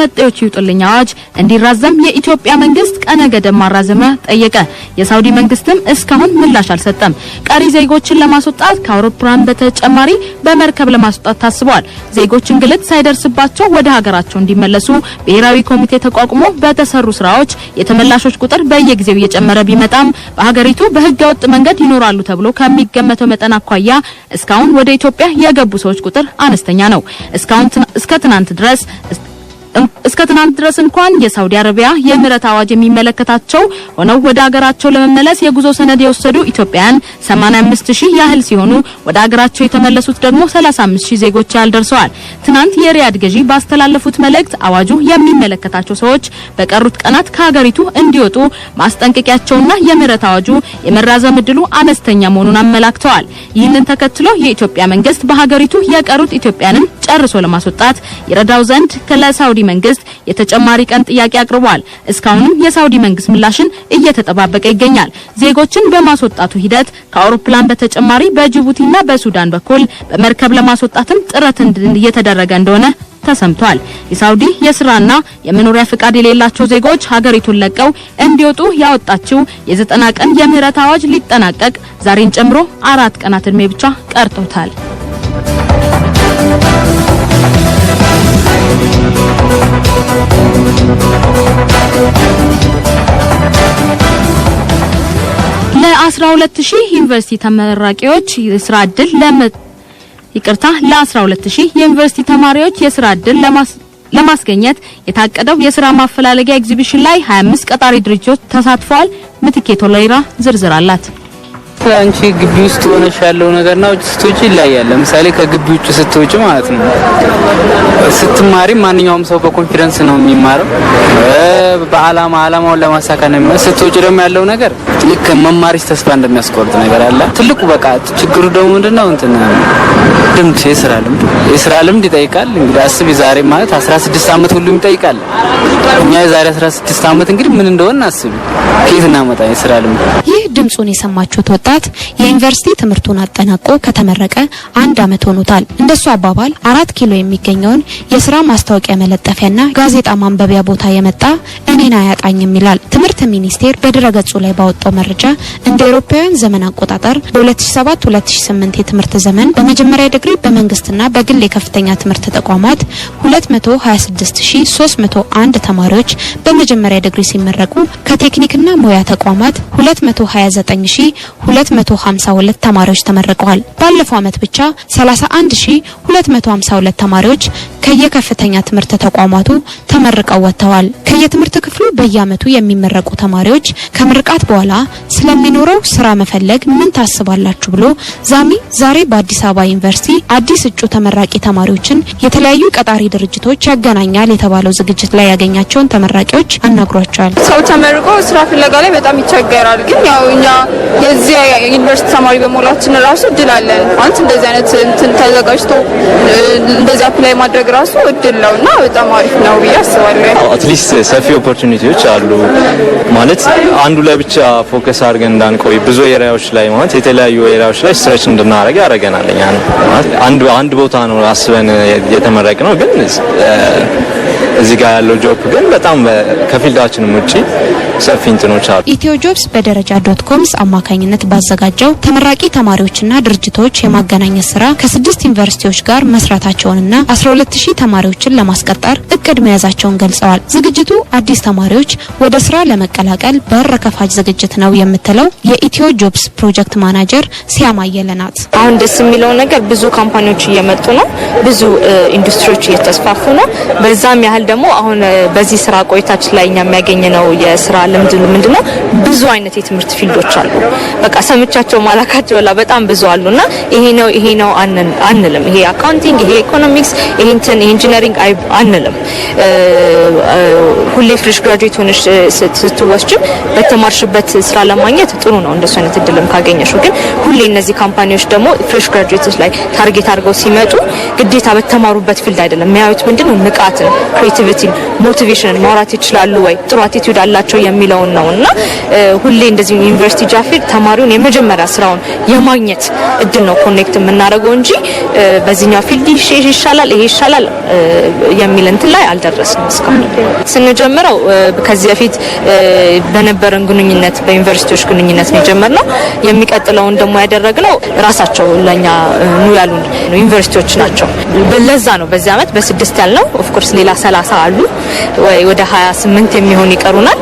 መጤዎች ይውጡልኝ አዋጅ እንዲራዘም የኢትዮጵያ መንግስት ቀነ ገደብ ማራዘመ ጠየቀ። የሳውዲ መንግስትም እስካሁን ምላሽ አልሰጠም። ቀሪ ዜጎችን ለማስወጣት ከአውሮፕላን በተጨማሪ በመርከብ ለማስወጣት ታስቧል። ዜጎች እንግልት ሳይደርስባቸው ወደ ሀገራቸው እንዲመለሱ ብሔራዊ ኮሚቴ ተቋቁሞ በተሰሩ ስራዎች የተመላሾች ቁጥር በየጊዜው እየጨመረ ቢመጣም በሀገሪቱ በህገ ወጥ መንገድ ይኖራሉ ተብሎ ከሚገመተው መጠን አኳያ እስካሁን ወደ ኢትዮጵያ የገቡ ሰዎች ቁጥር አነስተኛ ነው። እስካሁን እስከ ትናንት ድረስ እስከ ትናንት ድረስ እንኳን የሳውዲ አረቢያ የምህረት አዋጅ የሚመለከታቸው ሆነው ወደ ሀገራቸው ለመመለስ የጉዞ ሰነድ የወሰዱ ኢትዮጵያውያን 85000 ያህል ሲሆኑ ወደ ሀገራቸው የተመለሱት ደግሞ 35000 ዜጎች ያህል ደርሰዋል። ትናንት የሪያድ ገዢ ባስተላለፉት መልእክት አዋጁ የሚመለከታቸው ሰዎች በቀሩት ቀናት ከሀገሪቱ እንዲወጡ ማስጠንቀቂያቸውና የምህረት አዋጁ የመራዘም እድሉ አነስተኛ መሆኑን አመላክተዋል። ይህንን ተከትሎ የኢትዮጵያ መንግስት በሀገሪቱ የቀሩት ኢትዮጵያንን ጨርሶ ለማስወጣት ይረዳው ዘንድ ከለሳውዲ ለሳውዲ መንግስት የተጨማሪ ቀን ጥያቄ አቅርቧል። እስካሁንም የሳውዲ መንግስት ምላሽን እየተጠባበቀ ይገኛል። ዜጎችን በማስወጣቱ ሂደት ከአውሮፕላን በተጨማሪ በጅቡቲና በሱዳን በኩል በመርከብ ለማስወጣትም ጥረት እየተደረገ እንደሆነ ተሰምቷል። የሳውዲ የስራና የመኖሪያ ፍቃድ የሌላቸው ዜጎች ሀገሪቱን ለቀው እንዲወጡ ያወጣችው የዘጠና ቀን የምህረት አዋጅ ሊጠናቀቅ ዛሬን ጨምሮ አራት ቀናት እድሜ ብቻ ቀርቶታል። ለ ሺህ ዩኒቨርሲቲ ተመራቂዎች የስራ እድል ለመ ይቅርታ ለ ሺህ የዩኒቨርሲቲ ተማሪዎች የስራ እድል ለማስ ለማስገኘት የታቀደው የስራ ማፈላለጊያ ኤግዚቢሽን ላይ 25 ቀጣሪ ድርጅቶች ተሳትፈዋል። ምትኬ ቶሌራ ዝርዝር አላት። አንቺ ግቢ ውስጥ ሆነሽ ያለው ነገርና ውጭ ስትወጪ ይለያል። ለምሳሌ ከግቢ ውጭ ስትወጪ ማለት ነው ስትማሪ፣ ማንኛውም ሰው በኮንፊደንስ ነው የሚማረው በአላማ አላማውን ለማሳካት ነው። ስትወጪ ደግሞ ያለው ነገር ልክ መማሪስ ተስፋ እንደሚያስቆርጥ ነገር አለ። ትልቁ በቃ ችግሩ ደግሞ ምንድነው እንትን ልምድ፣ የስራ ልምድ የስራ ልምድ ይጠይቃል። እንግዲህ አስብ ዛሬ ማለት 16 ዓመት ሁሉም ይጠይቃል። እኛ የዛሬ 16 አመት እንግዲህ ምን እንደሆነ አስብ፣ ከየት እናመጣ የስራ ልምድ። ይህ ድምጹን የሰማችሁት ወጣ ወጣት የዩኒቨርሲቲ ትምህርቱን አጠናቆ ከተመረቀ አንድ አመት ሆኖታል። እንደሱ አባባል አራት ኪሎ የሚገኘውን የስራ ማስታወቂያ መለጠፊያና ጋዜጣ ማንበቢያ ቦታ የመጣ እኔን አያጣኝም ይላል። ትምህርት ሚኒስቴር በድረገጹ ላይ ባወጣው መረጃ እንደ አውሮፓውያን ዘመን አቆጣጠር በ2007 2008 የትምህርት ዘመን በመጀመሪያ ዲግሪ በመንግስትና በግል የከፍተኛ ትምህርት ተቋማት 226301 ተማሪዎች በመጀመሪያ ዲግሪ ሲመረቁ ከቴክኒክና ሙያ ተቋማት 229 252 ተማሪዎች ተመርቀዋል። ባለፈው ዓመት ብቻ 31252 ተማሪዎች ከየከፍተኛ ትምህርት ተቋማቱ ተመርቀው ወጥተዋል። ከየትምህርት ክፍሉ በየአመቱ የሚመረቁ ተማሪዎች ከምርቃት በኋላ ስለሚኖረው ስራ መፈለግ ምን ታስባላችሁ ብሎ ዛሚ ዛሬ በአዲስ አበባ ዩኒቨርሲቲ አዲስ እጩ ተመራቂ ተማሪዎችን የተለያዩ ቀጣሪ ድርጅቶች ያገናኛል የተባለው ዝግጅት ላይ ያገኛቸውን ተመራቂዎች አናግሯቸዋል። ሰው ተመርቆ ስራ ፍለጋ ላይ በጣም ይቸገራል። ግን ያው እኛ የዚህ ዩኒቨርሲቲ ተማሪ በመላችን ራሱ እድል አለን። አንተ እንደዚህ አይነት እንትን ተዘጋጅቶ እንደዚህ አፕላይ ማድረግ ራሱ እድል ነው እና በጣም አሪፍ ነው ብዬ አስባለሁ። አትሊስት uh, ሰፊ ኦፖርቹኒቲዎች አሉ ማለት አንዱ ላይ ብቻ ፎከስ አድርገን እንዳንቆይ ብዙ ኤሪያዎች ላይ ማለት የተለያዩ ኤሪያዎች ላይ ስትሬች እንድናደርግ ያደርገናል። እኛ ነው አንድ አንድ ቦታ ነው አስበን የተመረቅ ነው ግን uh, እዚህ ጋር ያለው ጆብ ግን በጣም uh, ከፊልዳችንም ውጪ ሰፊ እንትኖች አሉ። ኢትዮ ጆብስ በደረጃ ዶት ኮምስ አማካኝነት ባዘጋጀው ተመራቂ ተማሪዎችና ድርጅቶች የማገናኘት ስራ ከስድስት ዩኒቨርሲቲዎች ጋር መስራታቸውንና ሁለት ሺህ ተማሪዎችን ለማስቀጠር እቅድ መያዛቸውን ገልጸዋል። ዝግጅቱ አዲስ ተማሪዎች ወደ ስራ ለመቀላቀል በር ከፋጅ ዝግጅት ነው የምትለው የኢትዮ ጆብስ ፕሮጀክት ማናጀር ሲያማየለ ናት። አሁን ደስ የሚለው ነገር ብዙ ካምፓኒዎች እየመጡ ነው። ብዙ ኢንዱስትሪዎች እየተስፋፉ ነው። በዛም ያህል ደግሞ አሁን በዚህ ስራ ቆይታችን ላይ እኛ የሚያገኝ ነው የስራ ያለ አለ ምንድነው ብዙ አይነት የትምህርት ፊልዶች አሉ። በቃ ሰምቻቸው ማላካቸው ላ በጣም ብዙ አሉና ይሄ ነው ይሄ ነው አንልም። ይሄ አካውንቲንግ፣ ይሄ ኢኮኖሚክስ፣ ይሄ እንትን ይሄ ኢንጂነሪንግ አንልም። ሁሌ ፍሬሽ ግራጁዌት ሆነሽ ስትወስጂም በተማርሽበት ስራ ለማግኘት ጥሩ ነው እንደሱ አይነት እድልም ካገኘሽ። ግን ሁሌ እነዚህ ካምፓኒዎች ደግሞ ፍሬሽ ግራጁዌትስ ላይ ታርጌት አድርገው ሲመጡ ግዴታ በተማሩበት ፊልድ አይደለም የሚያዩት ምንድነው ንቃትን፣ ክሬቲቪቲን፣ ሞቲቬሽንን ማውራት ይችላሉ ወይ ጥሩ አቲቲዩድ አላቸው የሚ የሚለውን ነው እና ሁሌ እንደዚህ ዩኒቨርሲቲ ጃፌር ተማሪውን የመጀመሪያ ስራውን የማግኘት እድል ነው ኮኔክት የምናደርገው እንጂ በዚህኛው ፊልድ ይሻላል ይሄ ይሻላል የሚል እንትን ላይ አልደረስንም እስካሁን። ስንጀምረው ከዚህ በፊት በነበረን ግንኙነት በዩኒቨርሲቲዎች ግንኙነት ነው የጀመርነው። የሚቀጥለውን ደግሞ ያደረግነው ራሳቸው ለእኛ ኑ ያሉን ዩኒቨርሲቲዎች ናቸው። በለዛ ነው በዚህ አመት በስድስት ያልነው ኦፍኮርስ ሌላ ሰላሳ አሉ ወይ ወደ 28 የሚሆን ይቀሩናል።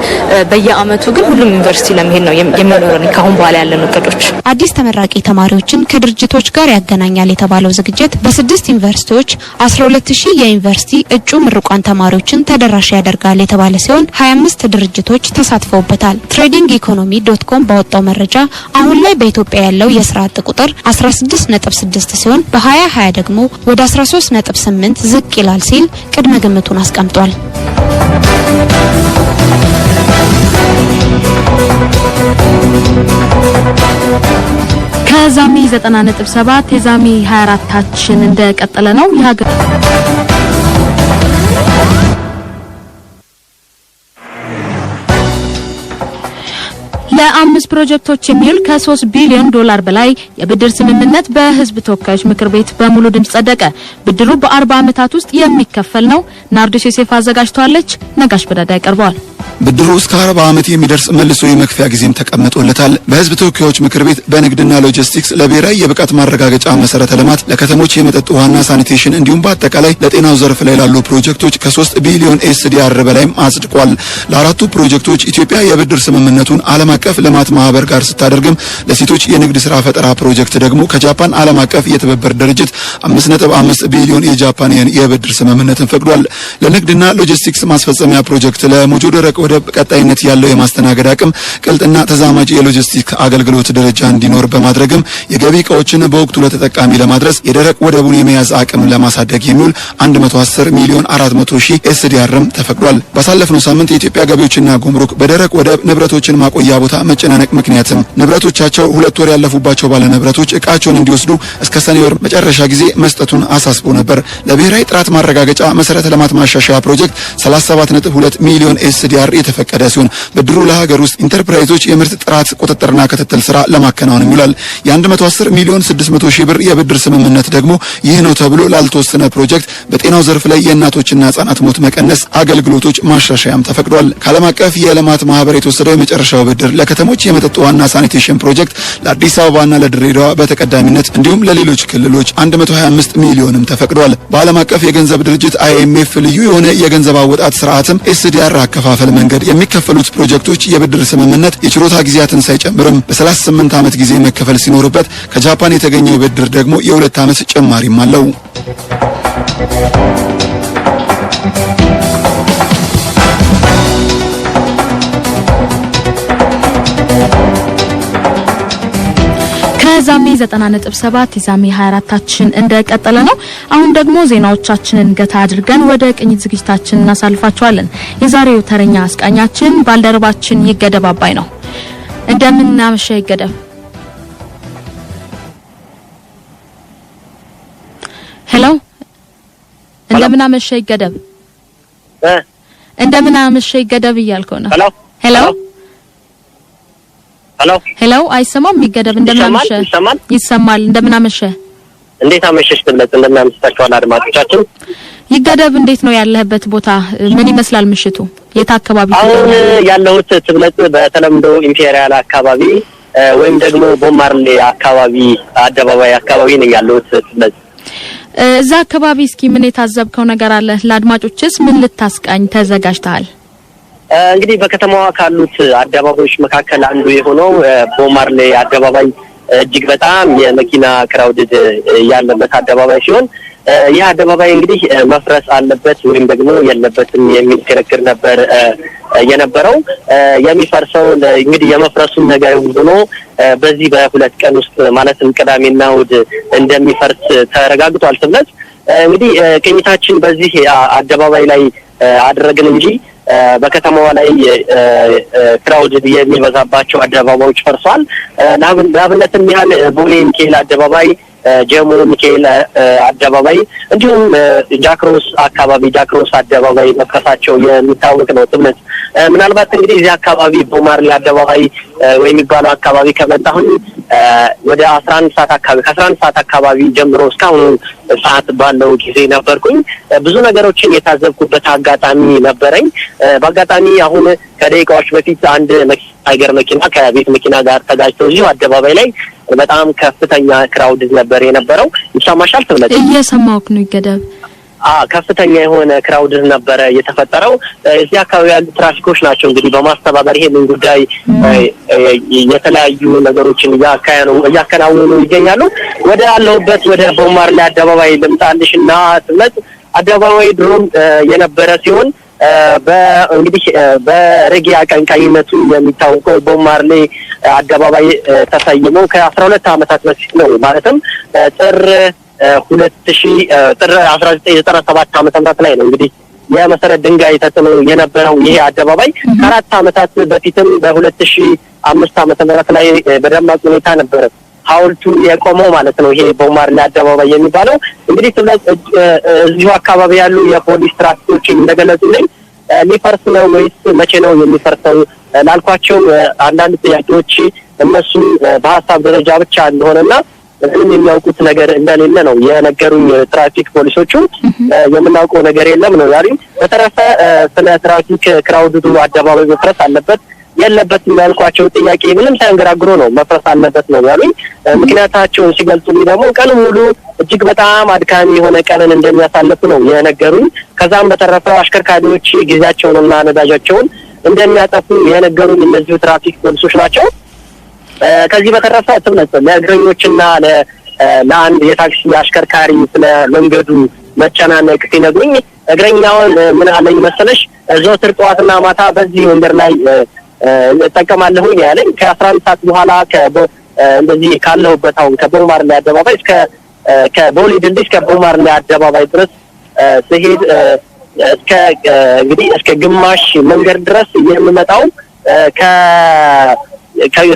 በየአመቱ ግን ሁሉም ዩኒቨርሲቲ ለመሄድ ነው የሚኖረን ከአሁን በኋላ ያለን እቅዶች። አዲስ ተመራቂ ተማሪዎችን ከድርጅቶች ጋር ያገናኛል የተባለው ዝግጅት በስድስት ዩኒቨርሲቲዎች 12000 የዩኒቨርሲቲ እጩ ምርቋን ተማሪዎችን ተደራሽ ያደርጋል የተባለ ሲሆን 25 ድርጅቶች ተሳትፈውበታል። ትሬዲንግ ኢኮኖሚ ዶት ባወጣው መረጃ አሁን ላይ በኢትዮጵያ ያለው የስራ አጥ ቁጥር 16.6 ሲሆን በ2020 ደግሞ ወደ 13.8 ዝቅ ይላል ሲል ቅድመ ግምቱን አስቀምጧል። ከዛሚ 90.7 የዛሚ 24 ታችን እንደቀጠለ ነው የሀገር ለአምስት ፕሮጀክቶች የሚውል ከ3 ቢሊዮን ዶላር በላይ የብድር ስምምነት በህዝብ ተወካዮች ምክር ቤት በሙሉ ድምጽ ጸደቀ። ብድሩ በ40 ዓመታት ውስጥ የሚከፈል ነው። ናርዶስ ዮሴፍ አዘጋጅቷለች። ነጋሽ በዳዳ ያቀርበዋል። ብድሩ እስከ 40 ዓመት የሚደርስ መልሶ የመክፈያ ጊዜም ተቀምጦለታል። በህዝብ ተወካዮች ምክር ቤት በንግድና ሎጂስቲክስ ለብሔራዊ የብቃት ማረጋገጫ መሰረተ ልማት፣ ለከተሞች የመጠጥ ውሃና ሳኒቴሽን እንዲሁም በአጠቃላይ ለጤናው ዘርፍ ላይ ላሉ ፕሮጀክቶች ከ3 ቢሊዮን ኤስዲአር በላይም አጽድቋል። ለአራቱ ፕሮጀክቶች ኢትዮጵያ የብድር ስምምነቱን ዓለም አቀፍ አቀፍ ልማት ማህበር ጋር ስታደርግም ለሴቶች የንግድ ስራ ፈጠራ ፕሮጀክት ደግሞ ከጃፓን ዓለም አቀፍ የትብብር ድርጅት 5.5 ቢሊዮን የጃፓን የን የብድር ስምምነትን ፈቅዷል። ለንግድና ሎጂስቲክስ ማስፈጸሚያ ፕሮጀክት ለሞጆ ደረቅ ወደብ ቀጣይነት ያለው የማስተናገድ አቅም፣ ቅልጥና ተዛማጅ የሎጂስቲክ አገልግሎት ደረጃ እንዲኖር በማድረግም የገቢ እቃዎችን በወቅቱ ለተጠቃሚ ለማድረስ የደረቅ ወደቡን የመያዝ አቅም ለማሳደግ የሚውል 110 ሚሊዮን 400 ሺህ ኤስዲአርም ተፈቅዷል። ባሳለፍነው ሳምንት የኢትዮጵያ ገቢዎችና ጉምሩክ በደረቅ ወደብ ንብረቶችን ማቆያ ቦታ መጨናነቅ ምክንያትም ንብረቶቻቸው ሁለት ወር ያለፉባቸው ባለ ንብረቶች እቃቸውን እንዲወስዱ እስከ ሰኔ ወር መጨረሻ ጊዜ መስጠቱን አሳስቦ ነበር። ለብሔራዊ ጥራት ማረጋገጫ መሰረተ ልማት ማሻሻያ ፕሮጀክት 37.2 ሚሊዮን ኤስዲአር የተፈቀደ ሲሆን ብድሩ ለሀገር ውስጥ ኢንተርፕራይዞች የምርት ጥራት ቁጥጥርና ክትትል ስራ ለማከናወን ይውላል። የ110 ሚሊዮን 600 ሺህ ብር የብድር ስምምነት ደግሞ ይህ ነው ተብሎ ላልተወሰነ ፕሮጀክት በጤናው ዘርፍ ላይ የእናቶችና ህጻናት ሞት መቀነስ አገልግሎቶች ማሻሻያም ተፈቅዷል። ከዓለም አቀፍ የልማት ማህበር የተወሰደው የመጨረሻው ብድር ከተሞች የመጠጥ ውሃና ሳኒቴሽን ፕሮጀክት ለአዲስ አበባና ለድሬዳዋ በተቀዳሚነት እንዲሁም ለሌሎች ክልሎች 125 ሚሊዮንም ተፈቅዷል። በዓለም አቀፍ የገንዘብ ድርጅት አይኤምኤፍ ልዩ የሆነ የገንዘብ አወጣት ስርዓትም ኤስዲአር አከፋፈል መንገድ የሚከፈሉት ፕሮጀክቶች የብድር ስምምነት የችሮታ ጊዜያትን ሳይጨምርም በ38 ዓመት ጊዜ መከፈል ሲኖርበት ከጃፓን የተገኘው የብድር ደግሞ የሁለት ዓመት ጭማሪም አለው። ከዛሜ 90.7 የዛሜ 24ታችን እንደቀጠለ ነው። አሁን ደግሞ ዜናዎቻችንን ገታ አድርገን ወደ ቅኝት ዝግጅታችን እናሳልፋቸዋለን። የዛሬው ተረኛ አስቃኛችን ባልደረባችን ይገደብ አባይ ነው። እንደምናመሸ ይገደብ። ሄሎ፣ እንደምናመሸ ይገደብ። እንደምናመሸ ይገደብ እያልከው ነው። ሄሎ ሄሎ፣ አይሰማም? ይገደብ እንደምናመሸ ይሰማል። እንደምናመሸ እንዴት አመሸሽ? ትብለጽ እንደምናመሽታችኋል አድማጮቻችን። ይገደብ እንዴት ነው ያለህበት ቦታ? ምን ይመስላል ምሽቱ? የት አካባቢ? አሁን ያለሁት ትብለጽ በተለምዶ ኢምፔሪያል አካባቢ ወይም ደግሞ ቦማርሌ አካባቢ አደባባይ አካባቢ ነኝ ያለሁት ትብለጽ። እዛ አካባቢ እስኪ ምን የታዘብከው ነገር አለ? ለአድማጮችስ ምን ልታስቃኝ ተዘጋጅተሃል? እንግዲህ በከተማዋ ካሉት አደባባዮች መካከል አንዱ የሆነው ቦማርሌ አደባባይ እጅግ በጣም የመኪና ክራውድድ ያለበት አደባባይ ሲሆን ይህ አደባባይ እንግዲህ መፍረስ አለበት ወይም ደግሞ የለበትም የሚል ክርክር ነበር የነበረው። የሚፈርሰው እንግዲህ የመፍረሱን ነገር ሆኖ በዚህ በሁለት ቀን ውስጥ ማለትም ቅዳሜና እሑድ እንደሚፈርስ ተረጋግጧል ስለት እንግዲህ ቅኝታችን በዚህ አደባባይ ላይ አደረግን እንጂ በከተማዋ ላይ ክራውድ የሚበዛባቸው አደባባዮች ፈርሷል። ለአብነትም ያህል ቦሌ ሚካኤል አደባባይ ጀሞ ሚካኤል አደባባይ እንዲሁም ጃክሮስ አካባቢ ጃክሮስ አደባባይ መጥቀሳቸው የሚታወቅ ነው። ትምነት ምናልባት እንግዲህ እዚህ አካባቢ ቦማርሌ አደባባይ ወይ የሚባለው አካባቢ ከመጣሁን ወደ አስራ አንድ ሰዓት አካባቢ ከአስራ አንድ ሰዓት አካባቢ ጀምሮ እስካሁኑ ሰዓት ባለው ጊዜ ነበርኩኝ። ብዙ ነገሮችን የታዘብኩበት አጋጣሚ ነበረኝ። በአጋጣሚ አሁን ከደቂቃዎች በፊት አንድ መኪና ሀገር መኪና ከቤት መኪና ጋር ተጋጭቶ እዚሁ አደባባይ ላይ በጣም ከፍተኛ ክራውድ ነበር የነበረው። ይሰማሻል ትብለጥ? እየሰማሁህ ነው ይገደብ አ ከፍተኛ የሆነ ክራውድ ነበረ የተፈጠረው። እዚህ አካባቢ ያሉ ትራፊኮች ናቸው እንግዲህ በማስተባበር ይሄንን ጉዳይ የተለያዩ ነገሮችን እያከናወኑ ይገኛሉ። ወደ ያለሁበት ወደ ቦማር ላይ አደባባይ ልምጣልሽ እና ትብለጥ አደባባይ ድሮም የነበረ ሲሆን እንግዲህ በሬጌ አቀንቃኝነቱ የሚታወቀው ቦብ ማርሌ አደባባይ ተሰይሞ ከአስራ ሁለት ዓመታት በፊት ነው ማለትም ጥር ሁለት ሺ ጥር አስራ ዘጠኝ ዘጠና ሰባት ምህረት ላይ ነው እንግዲህ የመሰረት ድንጋይ ተጥሎ የነበረው ይሄ አደባባይ ከአራት አመታት በፊትም በሁለት ሺ አምስት ዓመተ ምህረት ላይ በደማቅ ሁኔታ ነበረ ሐውልቱ የቆመው ማለት ነው። ይሄ ቦማርሌ አደባባይ የሚባለው እንግዲህ ስለዚህ እዚሁ አካባቢ ያሉ የፖሊስ ትራፊኮች እንደገለጹልኝ ሊፈርስ ነው ወይስ መቼ ነው የሚፈርሰው ላልኳቸው አንዳንድ ጥያቄዎች እነሱ በሀሳብ ደረጃ ብቻ እንደሆነና ምንም የሚያውቁት ነገር እንደሌለ ነው የነገሩኝ። ትራፊክ ፖሊሶቹ የምናውቀው ነገር የለም ነው ያሉኝ። በተረፈ ስለ ትራፊክ ክራውድዱ አደባባይ መፍረስ አለበት የለበትም ያልኳቸው ጥያቄ ምንም ሳያንገራግሮ ነው መፍረስ አለበት ነው ያሉኝ። ምክንያታቸውን ሲገልጹልኝ ደግሞ ቀን ሙሉ እጅግ በጣም አድካሚ የሆነ ቀንን እንደሚያሳልፉ ነው የነገሩኝ። ከዛም በተረፈ አሽከርካሪዎች ጊዜያቸውንና ነዳጃቸውን እንደሚያጠፉ የነገሩኝ እነዚሁ ትራፊክ ፖሊሶች ናቸው። ከዚህ በተረፈ ትብነት ለእግረኞችና ለአንድ የታክሲ አሽከርካሪ ስለ መንገዱ መጨናነቅ ሲነግሩኝ እግረኛውን ምን አለኝ መሰለሽ ዘወትር ጠዋትና ማታ በዚህ መንገድ ላይ እጠቀማለሁኝ ያለኝ ከአስራ አንድ ሰዓት በኋላ እንደዚህ ካለሁበት አሁን ላይ አደባባይ እስከ ከቦሌ ድልድይ ከቦማር ላይ አደባባይ ድረስ ስሄድ እስከ እንግዲህ እስከ ግማሽ መንገድ ድረስ የምመጣው ከ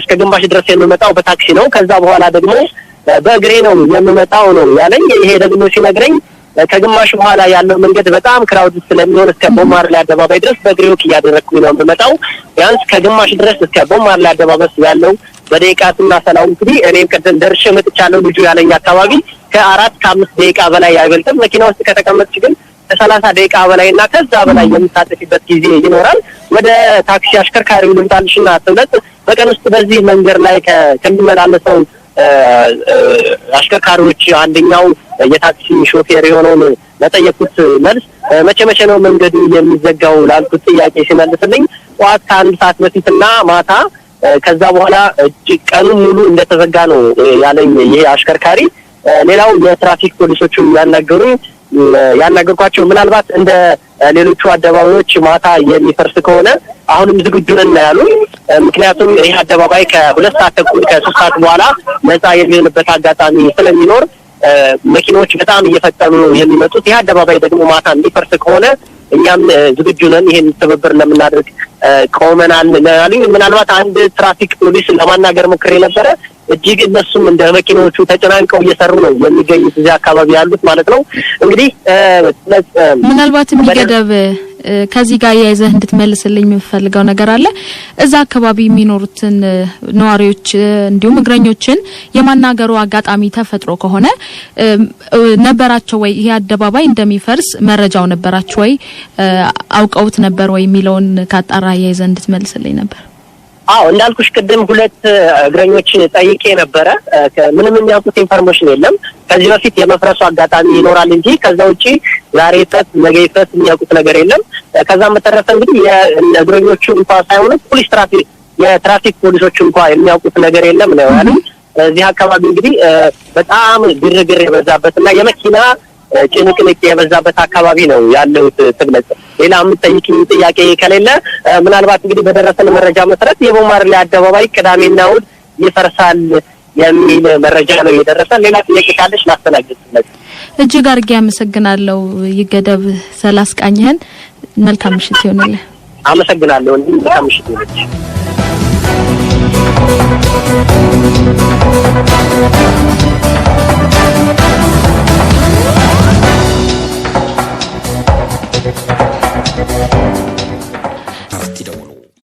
እስከ ግማሽ ድረስ የምመጣው በታክሲ ነው። ከዛ በኋላ ደግሞ በእግሬ ነው የምመጣው ነው ያለኝ። ይሄ ደግሞ ሲነግረኝ ከግማሽ በኋላ ያለው መንገድ በጣም ክራውድ ስለሚሆን እስከ ቦማር ላይ አደባባይ ድረስ በእግሬ ወክ እያደረግኩኝ ነው የምመጣው። ቢያንስ ከግማሽ ድረስ እስከ ቦማር ላይ አደባባይ ያለው በደቂቃ ስናሰላው እንግዲህ እኔም ቅድም ደርሼ መጥቻለሁ። ልጁ ያለኝ አካባቢ ከአራት ከአምስት ደቂቃ በላይ አይበልጥም። መኪና ውስጥ ከተቀመጥሽ ግን ከሰላሳ ደቂቃ በላይ እና ከዛ በላይ የምታጠፊበት ጊዜ ይኖራል። ወደ ታክሲ አሽከርካሪው ልምጣልሽና ትብለት በቀን ውስጥ በዚህ መንገድ ላይ ከሚመላለሰው አሽከርካሪዎች አንደኛው የታክሲ ሾፌር የሆነውን ለጠየኩት መልስ መቼ መቼ ነው መንገዱ የሚዘጋው ላልኩት ጥያቄ ሲመልስልኝ ጠዋት ከአንድ ሰዓት በፊትና ማታ ከዛ በኋላ እጅግ ቀኑን ሙሉ እንደተዘጋ ነው ያለኝ ይሄ አሽከርካሪ። ሌላው የትራፊክ ፖሊሶቹን ያናገሩ ያናገርኳቸው ምናልባት እንደ ሌሎቹ አደባባዮች ማታ የሚፈርስ ከሆነ አሁንም ዝግጁ ነን ያሉ ምክንያቱም ይህ አደባባይ ከሁለት ሰዓት ተኩል ከሶስት ሰዓት በኋላ ነፃ የሚሆንበት አጋጣሚ ስለሚኖር መኪኖች በጣም እየፈጠኑ የሚመጡት ይህ አደባባይ ደግሞ ማታ እንዲፈርስ ከሆነ እኛም ዝግጁ ነን፣ ይህን ትብብር ለምናደርግ ቆመናል ያሉኝ። ምናልባት አንድ ትራፊክ ፖሊስ ለማናገር ሞክሬ ነበረ። እጅግ እነሱም እንደ መኪኖቹ ተጨናንቀው እየሰሩ ነው የሚገኙት እዚህ አካባቢ ያሉት ማለት ነው። እንግዲህ ምናልባት የሚገደብ ከዚህ ጋር እያይዘህ እንድትመልስልኝ የምፈልገው ነገር አለ። እዛ አካባቢ የሚኖሩትን ነዋሪዎች እንዲሁም እግረኞችን የማናገሩ አጋጣሚ ተፈጥሮ ከሆነ ነበራቸው ወይ? ይሄ አደባባይ እንደሚፈርስ መረጃው ነበራቸው ወይ? አውቀውት ነበር ወይ የሚለውን ካጣራ እያይዘህ እንድትመልስልኝ ነበር። አዎ እንዳልኩሽ ቅድም ሁለት እግረኞችን ጠይቄ ነበረ። ምንም የሚያውቁት ኢንፎርሜሽን የለም። ከዚህ በፊት የመፍረሱ አጋጣሚ ይኖራል እንጂ ከዛ ውጭ ዛሬ ይፈት ነገ የሚያውቁት ነገር የለም። ከዛም በተረፈ እንግዲህ የእግረኞቹ እንኳ ሳይሆኑ ፖሊስ ትራፊክ የትራፊክ ፖሊሶች እንኳ የሚያውቁት ነገር የለም ነው ያሉ። እዚህ አካባቢ እንግዲህ በጣም ግርግር የበዛበት እና የመኪና ጭንቅንቅ የበዛበት አካባቢ ነው ያለሁት ትግለጽ ሌላ የምጠይቅኝ ጥያቄ ከሌለ ምናልባት እንግዲህ በደረሰን መረጃ መሰረት የቦማርሌ አደባባይ ቅዳሜና እሑድ ይፈርሳል የሚል መረጃ ነው የደረሰን። ሌላ ጥያቄ ካለሽ ላስተናግድ ትብለጽ። እጅግ አድርጌ አመሰግናለሁ። ይገደብ ሰላስቃኝህን መልካም ምሽት ይሆንልህ። አመሰግናለሁ። መልካም ምሽት ይሆንልሽ። Thank you. Thank you.